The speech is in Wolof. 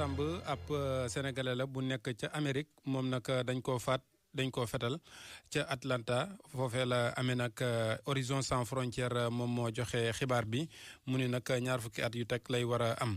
Samb ab euh, sénégalais la bu nekk ca Amérique moom nag euh, dañ koo faat dañ koo fetal ca Atlanta foofee la amee nag euh, Horizon Sans frontière moom moo joxe xibaar bi mu ni nag ñaar fukki at yu teg lay war a am.